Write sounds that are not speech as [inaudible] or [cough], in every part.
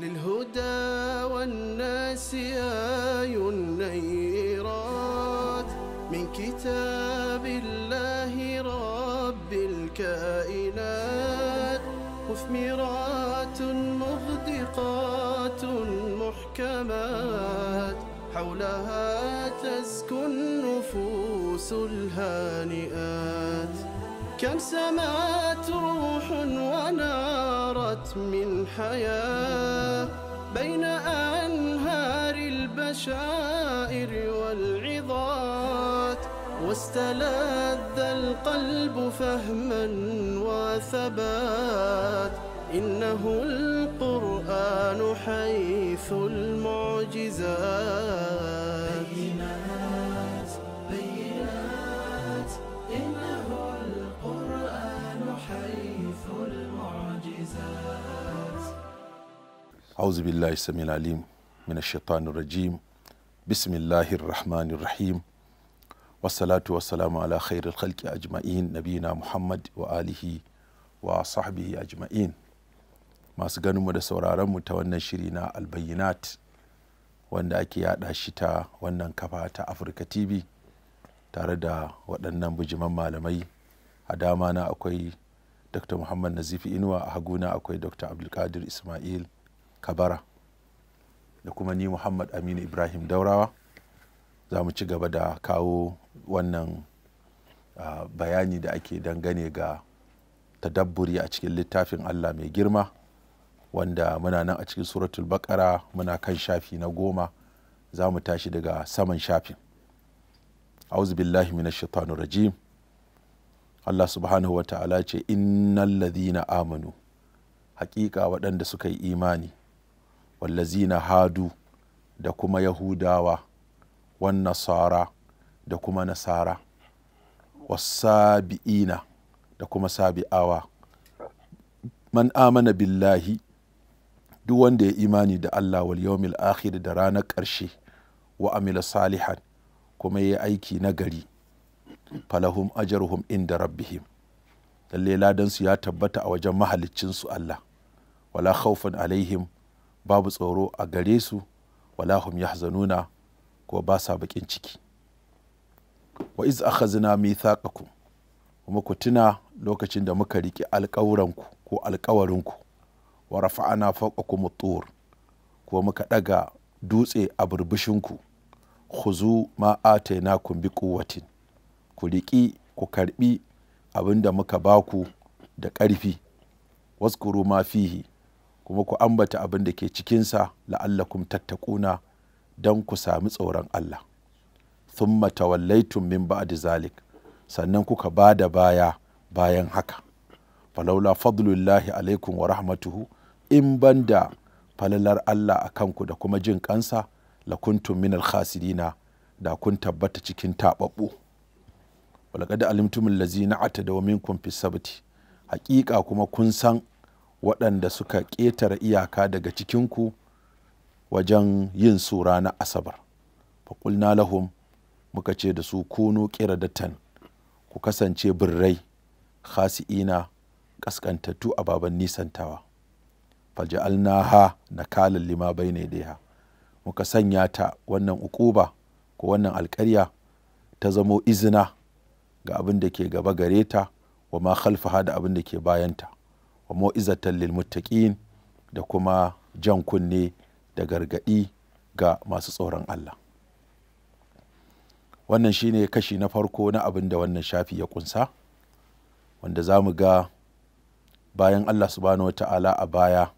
للهدى والناس آي النيرات من كتاب الله رب الكائنات مثمرات مغدقات محكمات حولها تزكو النفوس الهانئات كم سمات روح ونارت من حياة بين أنهار البشائر والعظات واستلذ القلب فهما وثبات إنه القرآن حيث المعجزات أعوذ بالله mina العليم من الشيطان الرجيم بسم الله الرحمن الرحيم والصلاة والسلام على خير الخلق أجمعين نبينا محمد وآله وصحبه أجمعين masu ganinmu da sauraronmu ta wannan shiri na albayinat wanda ake yada shi ta wannan kafa ta afirka tv tare da waɗannan bijiman malamai a dama na akwai dr muhammad nazifi inuwa a haguna akwai dr abdulkadir ismail kabara da kuma ni muhammad aminu ibrahim daurawa za mu ci gaba da kawo wannan bayani da ake dangane ga tadabburi a cikin littafin allah mai girma wanda muna nan a cikin suratul bakara muna kan shafi na goma za mu tashi daga saman shafin auzubillahi minash shaitanir rajim Allah subhanahu wa ta'ala ce innal amanu haƙiƙa waɗanda suka yi imani wallazina hadu da kuma yahudawa wan nasara da kuma nasara wasabi'ina da kuma sabi'awa man amana billahi duk wanda ya imani da Allah wal yawmil akhir da ranar ƙarshe wa amila salihan kuma ya aiki na gari falahum ajaruhum inda rabbihim lalle ladansu ya tabbata a wajen su Allah wala khawfan alaihim babu tsoro a gare su walahum yahzanuna ko ba sa bakin ciki wa iz akhazna mithaqakum kuma ku tuna lokacin da muka riƙe alƙawuranku ko alƙawarinku wa rafa'ana fawqakum at-tur kuma muka daga dutse a burbushinku khuzu ma atainakum bi quwwatin ku riƙi ku karbi abinda muka baku da ƙarfi waskuru ma fihi kuma ku ambata abin da ke cikinsa la'allakum tattakuna don ku sami tsoron Allah thumma tawallaitum min ba'di zalik sannan kuka ba da baya bayan haka falaula fadlullahi alaikum wa rahmatuhu in banda falalar Allah a kanku da kuma jin kansa lakuntum min alkhasirina da kun tabbata cikin taɓaɓɓu walaqad alimtum allazina atadaw minkum fi sabti haƙiƙa kuma kun san waɗanda suka ƙetare iyaka daga cikinku wajen yin su na asabar faƙulna lahum muka ce da su kunu ƙiradatan ku kasance birrai khasi'ina ƙasƙantattu a baban nisantawa falja'alna ha na kalin lima bai ne ha muka sanya ta wannan ukuba ko wannan alƙarya ta zamo izina ga abin da ke gaba gare ta wa ma khalfaha da abin da ke bayanta moizatan lil da kuma jan kunne da gargaɗi ga masu tsoron Allah wannan shine kashi na farko na abin da wannan shafi ya kunsa wanda za mu ga bayan Allah subhanahu wata'ala a baya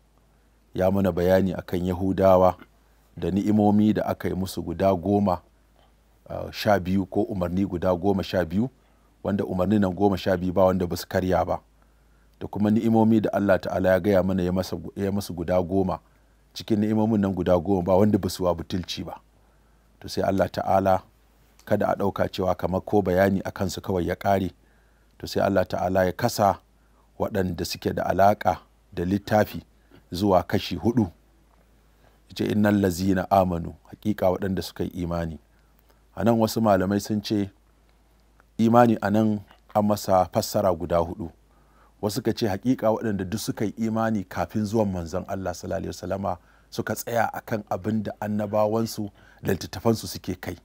ya mana bayani akan yahudawa da ni'imomi da aka yi musu guda goma sha biyu ko umarni guda goma sha biyu wanda umarni nan goma sha biyu ba wanda ba su karya ba da kuma ni'imomi da Allah ta'ala ya gaya mana ya masu guda goma cikin ni'imomin nan guda goma ba wanda ba su wa butulci ba to sai Allah ta'ala kada a ɗauka cewa kamar ko bayani a kansu kawai ya ƙare to sai Allah ta'ala ya kasa waɗanda suke da alaƙa da littafi zuwa kashi hudu ce innan lazina amanu hakika waɗanda suka yi imani a nan wasu malamai sun ce imani a nan an masa fassara guda hudu wasu ka ce hakika waɗanda duk suka yi imani kafin zuwan manzon Allah sallallahu alaihi suka tsaya akan abin da annabawansu da littattafansu suke kai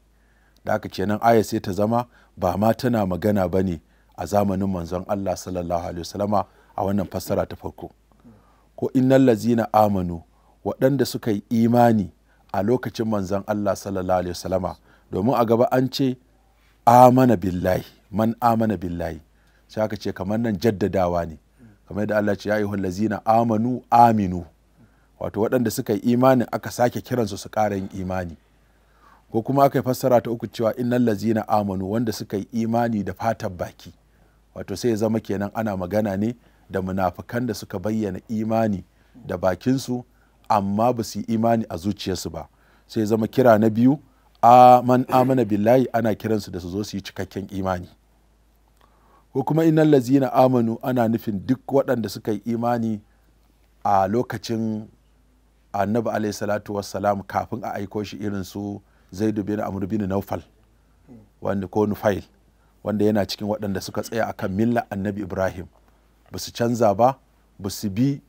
da haka kenan aya sai ta zama ba ma tana magana ba ne a zamanin manzon Allah sallallahu alaihi wasallama a wannan fassara ta farko ko innal lazina amanu waɗanda suka yi imani a lokacin manzon Allah sallallahu alaihi wasallama domin a gaba an ce amana billahi man amana billahi sai aka ce kamar nan jaddadawa ne kamar da Allah ce ya ayyuhal lazina amanu aminu wato waɗanda suka yi imanin aka sake kiransu su ƙara yin imani ko kuma aka yi fassara ta uku cewa innal lazina amanu wanda suka yi imani da fatan baki wato sai ya zama kenan ana magana ne da munafukan da suka bayyana imani da bakinsu amma ba su yi imani a zuciyarsu ba sai ya zama kira na biyu a man amana billahi ana kiransu da su zo su yi cikakken imani ko kuma inan lazina amanu ana nufin duk waɗanda suka yi imani a lokacin annabi alaihi salatu wassalam kafin a aiko shi irin su zaidu bin amr bin naufal wanda ko nufail wanda yana cikin waɗanda suka tsaya akan milla annabi ibrahim ba su canza ba ba su bi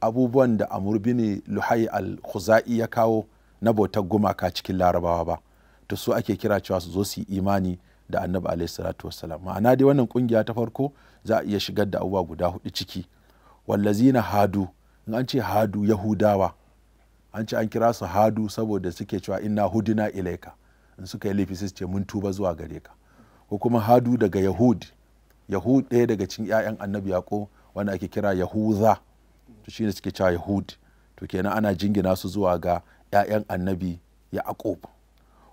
abubuwan da amur bin luhai al-khuzai ya kawo na bautar gumaka cikin larabawa ba to su ake kira cewa su zo su yi imani da annabi alaihi salatu wassalam ma'ana dai wannan kungiya ta farko za a iya shigar da abubuwa guda hudu ciki wallazina hadu in an ce hadu yahudawa an ce an kira su hadu saboda suke cewa inna hudina ilaika in suka yi laifi su ce mun tuba zuwa gare ka ko kuma hadu daga yahud yahud ɗaya daga cikin ƴaƴan annabi yaqo wanda ake kira yahuza to shine suke cewa yahud to kenan ana jingina su zuwa ga ƴaƴan annabi yaqub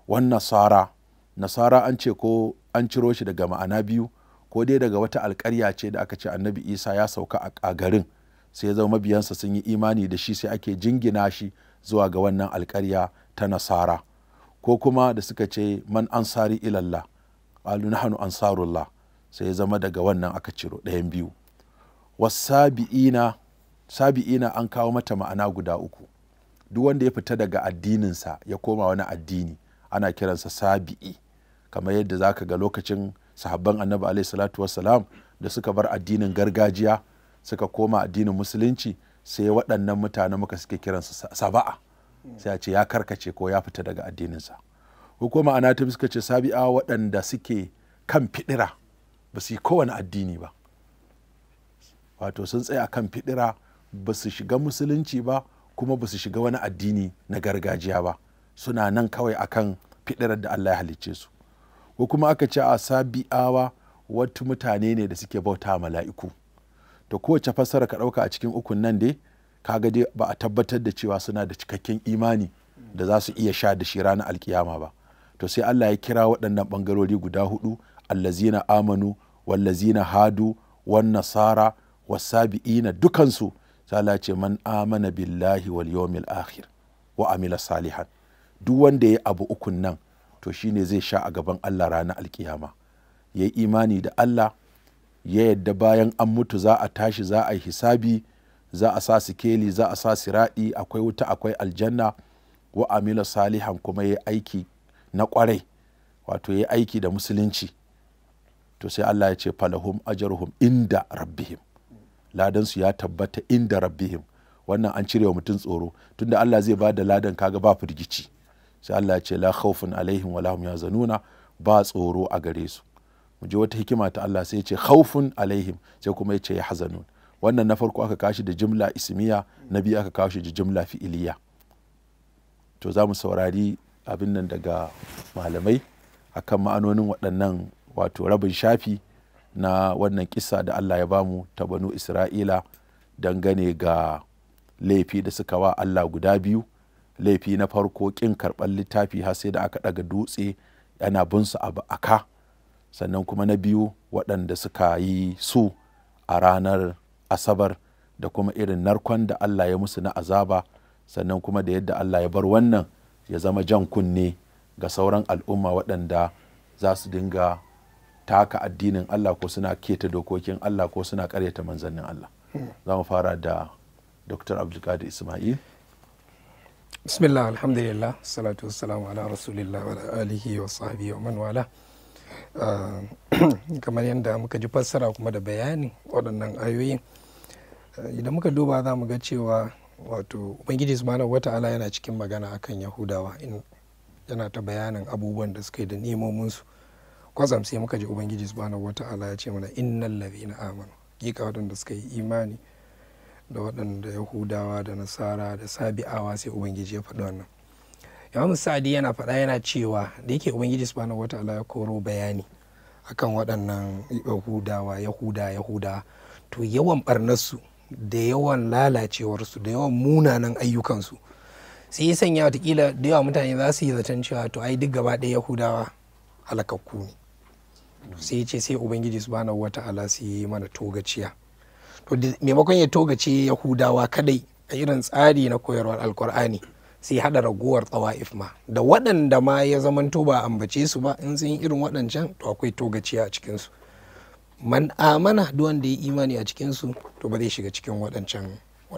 wannan sara nasara an ce ko an ciro shi daga ma'ana biyu ko dai daga wata alkarya ce da aka ce annabi isa ya sauka a garin sai ya zama mabiyansa sun yi imani da shi sai ake jingina shi zuwa ga wannan alkarya ta nasara ko kuma da suka ce man ansari ilallah qalu nahnu ansarullah sai ya zama daga wannan aka ciro ɗayan biyu wasabi'ina sabi'ina an kawo mata ma'ana guda uku duk wanda ya fita daga addininsa ya koma wani addini ana kiransa sabi'i kamar yadda za ka ga lokacin sahabban annabi alaihi salatu da suka bar addinin gargajiya suka koma addinin musulunci sai waɗannan mutane muka suke kiransa saba'a sai a ce ya karkace ko ya fita daga addininsa hukuma ta suka ce sabi'a waɗanda suke kan fiɗira ba su yi kowane addini ba wato sun tsaya kan fiɗira ba su shiga musulunci ba kuma ba su shiga wani addini na gargajiya ba suna nan kawai akan fidirar da Allah ya halicce su ko kuma aka ce a sabi'awa wata mutane ne da suke bauta mala'iku to kowace fassara ka ɗauka a cikin ukun nan dai kaga dai ba a tabbatar da cewa suna da cikakken imani da za su iya sha da shi ranar alkiyama ba to sai Allah ya kira waɗannan ɓangarori guda hudu allazina amanu wallazina hadu wan nasara wasabi'ina dukansu sai Allah ce man amana billahi wal yawmil akhir wa amila salihan duk wanda ya abu ukun nan to shine zai sha a gaban Allah rana alkiyama ya yi imani da Allah ya yadda bayan an mutu za a tashi za a yi hisabi za a sa sikeli za a sa siraɗi akwai wuta akwai aljanna wa amila salihan kuma ya aiki na kwarai wato ya aiki da musulunci to sai Allah ya ce falahum ajarhum inda rabbihim ladansu ya tabbata inda rabbihim wannan an cire wa mutum tsoro tunda Allah zai ba da ladan kaga ba firgici sai Allah ce la khawfun alaihim wa lahum zanuna ba tsoro a gare su mu je wata hikima ta Allah sai ya ce khawfun alaihim sai kuma ya ce yahzanun wannan na farko aka kashi da jimla ismiya na biyu aka kashi da jimla fi'iliya to za mu saurari abin nan daga malamai akan ma'anonin waɗannan wato rabin shafi na wannan kisa da Allah ya bamu ta banu Isra'ila dangane ga laifi da suka wa Allah guda biyu laifi na farko kin karɓar littafi har sai da aka ɗaga dutse yana bin su abu a ka sannan kuma na biyu waɗanda suka yi su a ranar asabar da kuma irin narkon da allah ya musu na azaba sannan kuma da yadda allah ya bar wannan ya zama jan kunne ga sauran al'umma waɗanda za su dinga taka addinin allah ko suna keta dokokin allah ko suna ƙaryata manzannin allah hmm. za mu fara da dr abdulkadir ismail bismillah alhamdulillah salatu wassalamu ala rasulillah wa alihi wa sahbihi wa man wala ah, [clears throat] kamar yadda muka ji fassara kuma da bayani waɗannan ayoyin ah, idan muka duba za mu ga cewa wato ubangiji subhanahu ta'ala yana cikin magana akan yahudawa in yana ta bayanin abubuwan da suka yi da nemominsu kwazam sai muka ji ubangiji subhanahu ta'ala ya ce mana innal ladina amanu gika waɗanda suka yi imani da waɗanda yahudawa da nasara da sabi'awa sai ubangiji ya faɗi wannan yawan sa'adi yana faɗa yana cewa da yake ubangiji subhanahu wata ya koro bayani akan waɗannan yahudawa yahuda yahuda to yawan barnarsu da yawan lalacewarsu da yawan munanan ayyukansu sai ya sanya watakila da yawa mutane za su yi zaton cewa to ai duk gaba ɗaya yahudawa halakakku ne sai ya ce sai ubangiji wata ala su yi mana togaciya maimakon ya togace yahudawa kadai a irin tsari na koyarwar alkur'ani sai hada raguwar tsawa'if ma da waɗanda ma ya zamanto ba ambace su ba in sun yi irin waɗancan to akwai togaci a cikinsu man amana duk wanda ya imani a cikinsu to ba zai shiga cikin waɗancan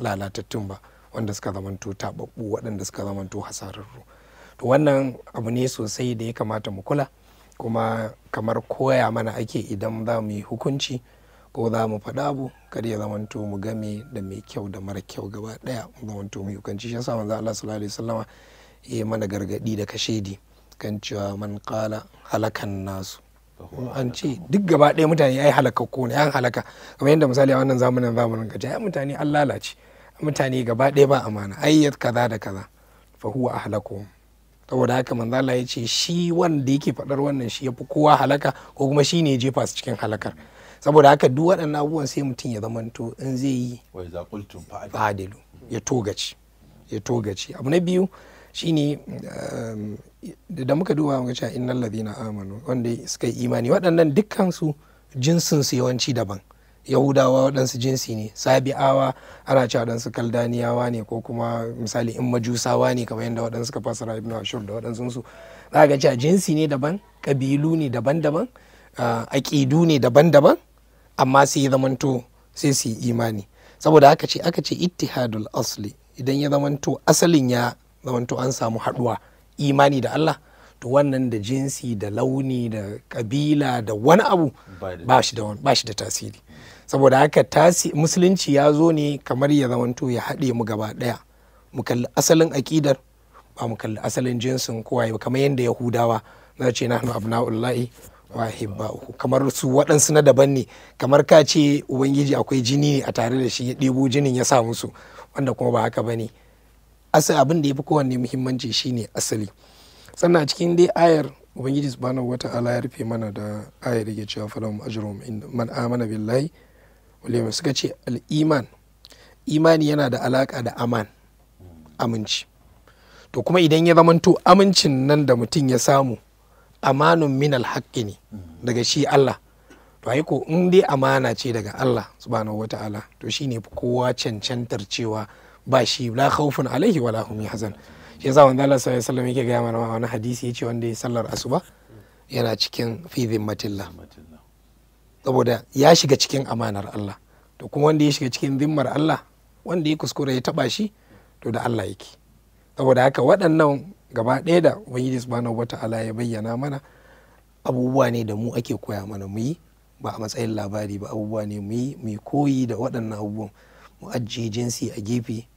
lalatattun ba wanda suka zamanto taɓaɓɓu waɗanda suka zamanto hasararru to wannan abu ne sosai da ya kamata mu kula kuma kamar koya mana ake idan za mu yi hukunci ko za mu faɗa abu kada ya to mu game da mai kyau da mara kyau gaba daya mu to mu yukanci shi yasa manzo Allah sallallahu alaihi wasallama ya mana gargadi da kashedi kan cewa man qala halakan nasu an ce duk gaba daya mutane ai ko ne an halaka kamar yadda misali a wannan zamanin zamanin gaji ai mutane an lalace mutane gaba ɗaya ba amana ai kaza da kaza fa huwa ahlakum saboda haka manzo Allah ya ce shi wanda yake faɗar wannan shi yafi kowa halaka ko kuma shi ne jefa su cikin halakar saboda haka duk waɗannan abubuwan sai mutum ya zamanto in zai yi fadilu ya togaci ya togaci abu na biyu shine eh, da muka duba muka cewa innal ladina amanu wanda suka yi imani waɗannan dukkan su jinsin su yawanci daban yahudawa waɗansu jinsi ne sabi'awa ana cewa waɗansu kaldaniyawa ne ko kuma misali in majusawa ne kamar yadda waɗansu ka fasara ibn ashur da waɗansu su za ga cewa jinsi ne daban ƙabilu ne daban-daban eh, aƙidu ne daban-daban amma sai ya zamanto sai su yi imani saboda haka ce aka ce ittihadul asli idan ya zamanto asalin ya zamanto an samu haduwa imani da Allah to wannan da jinsi da launi da kabila da wani abu ba shi da tasiri saboda haka musulunci ya zo ne kamar ya zamanto ya haɗe mu gaba ɗaya mu kalli asalin aƙidar ba mu kalli asalin jinsin kowa kamar yadda yahudawa za ce na nahnu abna'ullahi uku kamar su waɗansu na daban ne kamar ka ce ubangiji akwai jini a tare da shi ya ɗebo jinin ya sa musu wanda kuma ba haka bane asali abin da ya fi kowanne muhimmanci shi ne asali sannan cikin dai ayar ubangiji subhanahu ala ya rufe mana da ayar yake cewa falahum ajruhum man amana billahi wal suka ce al iman imani yana da alaka da aman aminci to kuma idan ya zamanto amincin nan da mutum ya samu amanun min alhaƙi ne daga shi Allah to ai ko in dai amana ce daga Allah subhanahu wataala to shine kowa cancantar cewa ba shi la khawfun alaihi wala hum yahzan shi yasa wanda Allah sallallahu alaihi wasallam yake ga mana wani hadisi yace wanda ya sallar asuba yana cikin fi zimmatillah saboda ya shiga cikin amanar Allah to kuma wanda ya shiga cikin zimmar Allah wanda ya kuskura ya taba shi to da Allah yake saboda haka waɗannan gaba ɗaya da bana subhanahu ta'ala ya bayyana mana abubuwa ne da mu ake koya mana mu yi ba a matsayin labari ba abubuwa ne mu yi mu koyi da waɗannan abubuwan mu ajiye jinsi a gefe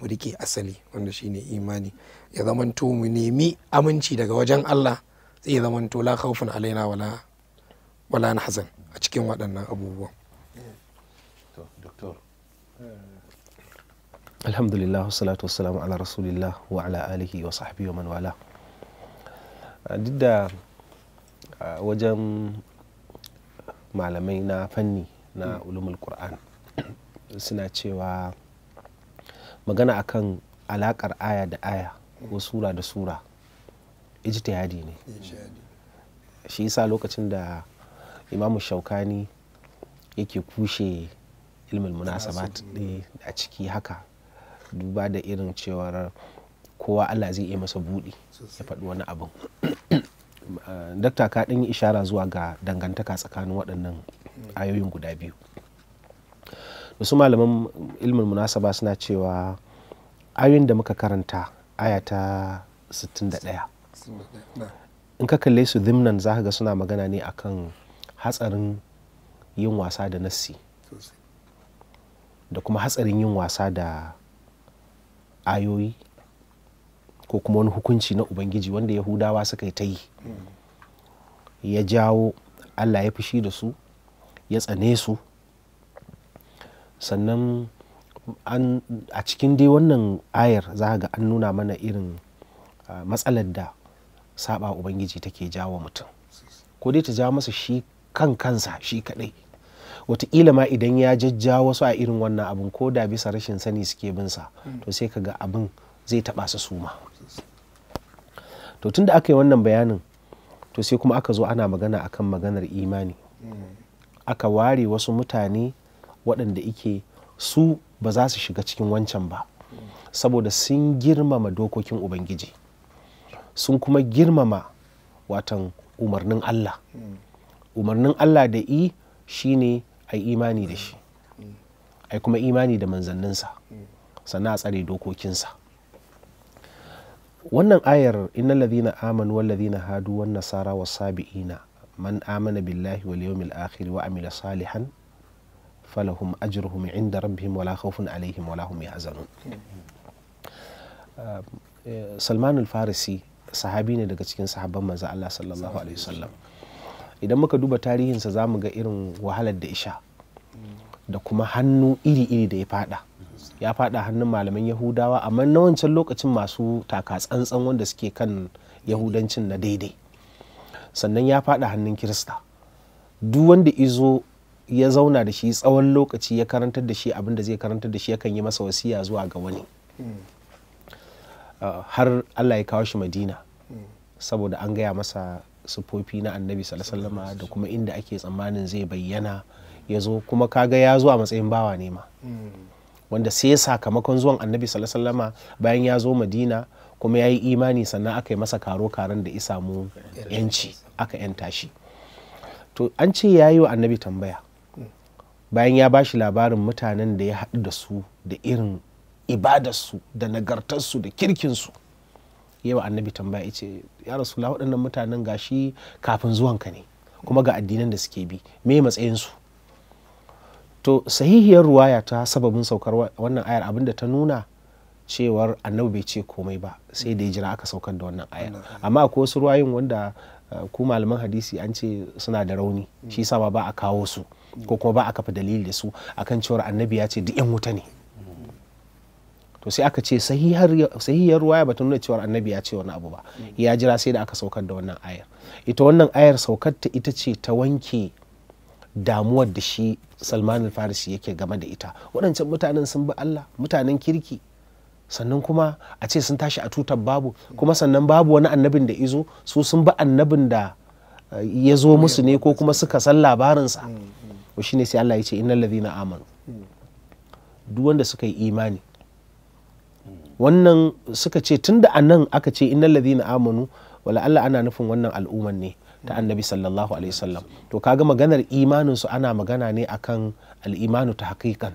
mu rike asali wanda shine imani ya zamanto mu nemi aminci daga wajen Allah zai zamanto la khawfun alaina wala wala hasan a cikin waɗannan abubuwan alhamdulillah salatu wassalamu ala rasulillah wa ala alihi wa sahbihi wa manwala ah, duk da ah, wajen malamai na fanni na ulumul qur'an [clears throat] suna cewa magana akan alakar aya da aya ko sura da sura yadi ne shi yasa lokacin da imamu shaukani yake kushe ilmin munasabat eh, a ciki haka duba da irin cewar kowa allah zai iya masa buɗi ya faɗi wani abin ah, dakta ka ɗan yi ishara zuwa ga dangantaka tsakanin waɗannan ayoyin guda biyu wasu malaman ilmin munasaba suna cewa ayoyin da muka karanta aya ta 61 in ka kalle su zimnan za ga suna magana ne akan hatsarin yin wasa da nassi da kuma hatsarin yin wasa da ayoyi ko kuma wani hukunci na ubangiji wanda yahudawa suka yi ta yi ya jawo allah ya fushi da su ya tsane su sannan a cikin dai wannan ayar za ga an nuna mana irin ah, matsalar da saba ubangiji take jawo mutum ko dai ta ja masa shi kan kansa shi kadai wataƙila ma idan ya jajja wasu a irin wannan abin ko da bisa rashin sani suke bin sa to sai ka ga abin zai taɓa su suma to tun da aka yi wannan bayanin to sai kuma aka zo ana magana akan maganar imani aka ware wasu mutane waɗanda ike su ba za su shiga cikin wancan ba saboda sun girmama dokokin ubangiji sun kuma girmama watan umarnin allah umarnin allah da i shine ai imani da shi ai kuma imani da manzanninsa sannan a tsare dokokinsa wannan ayar innal ladhina amanu wal ladhina hadu wan nasara was sabiina man amana billahi wal yawmil akhir wa amila salihan falahum ajruhum inda rabbihim wala khawfun alaihim wala hum yahzanun eh, salman al-farisi sahabi ne daga cikin sahabban manzo Allah sallallahu alaihi wasallam idan muka duba tarihinsa za mu ga irin wahalar da isha da kuma hannu iri-iri da ya fada ya fada hannun malaman yahudawa amma na wancan lokacin masu taka tsantsan wanda suke kan yahudancin na daidai sannan ya fada hannun kirista duk wanda izo ya zauna da shi tsawon lokaci ya karantar da shi abin da zai karantar da shi yakan yi masa wasiya zuwa ga wani hmm. ah, har allah ya kawo shi madina saboda an gaya masa sufofi na annabi sallama da kuma inda ake tsammanin zai bayyana ya zo kuma kaga ya zo a matsayin bawa nema hmm. wanda sai ya sakamakon zuwan annabi sallama bayan ya zo madina kuma ya yi imani sannan aka yi masa karo karen da isa mu yanci aka yanta shi to an ce ya yi wa annabi tambaya hmm. bayan ya bashi labarin mutanen da ya haɗu da su da irin ibadarsu da nagartarsu da kirkinsu yawa annabi tambaya ce ya rasu la waɗannan mutanen gashi kafin zuwanka ne kuma ga addinan da suke bi me matsayinsu to sahihiyar ruwaya ta sababin saukar wannan ayar abinda ta nuna cewar annabi bai ce komai ba sai da ya jira aka saukar da wannan ayar amma akwai wasu ruwayin wanda eh, ku malaman hadisi an ce suna da rauni shi sa ba a kawo su ko kuma ba a kafa dalili da su akan cewar annabi ya ce duk yan wuta ne to sai aka ce sahihiyar ruwaya bata nuna cewa annabi ya ce wani abu ba ya jira sai da aka saukar da wannan ayar ita wannan ayar saukar ta ita ce ta wanke damuwar da shi salman farisi yake game da ita waɗancan mutanen sun bi allah mutanen kirki sannan kuma a ce sun tashi a tutar babu kuma sannan babu wani annabin da izo su sun bi annabin da eh, ya zo musu ne ko kuma suka san labarinsa mm, mm. shi ne sai allah ya ce inna na amanu mm. duk wanda suka yi imani wannan suka ce tun da anan aka ce innal ladina amanu wala Allah ana nufin wannan al'umman ne ta annabi sallallahu alaihi wasallam to kaga maganar imanin su ana magana ne akan al'imanu ta hakikan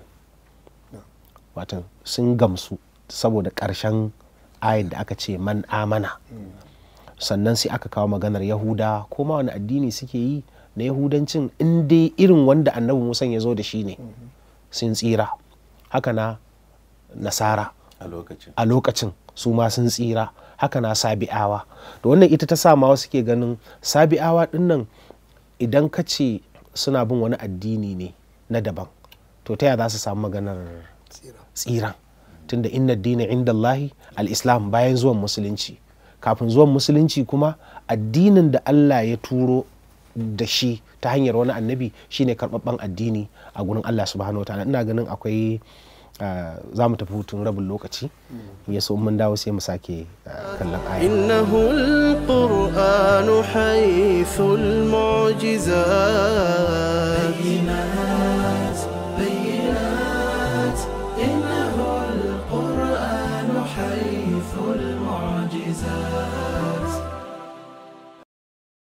watan sun gamsu saboda ƙarshen ayin da aka ce man amana sannan sai aka kawo maganar yahuda ko ma wani addini suke yi na yahudancin in dai irin wanda annabi musan ya zo da shi ne sun tsira haka na nasara a lokacin su ma sun tsira haka na sabi'awa da wannan ita ta sa ma wasu ke ganin sabi'awa dinnan idan ka ce suna bin wani addini ne na daban to ta za su samu maganar tsira tunda inna dina inda Allahi al-islam bayan zuwan musulunci kafin zuwan musulunci kuma addinin da Allah ya turo da shi ta hanyar wani annabi shine karɓaɓɓen addini a gurin Allah subhanahu wa ta'ala ina ganin akwai Eh, za mu tafi hutun rabin lokaci ya so mun dawo sai mu sake eh, kallon aya innahu alqur'anu haythul mu'jizat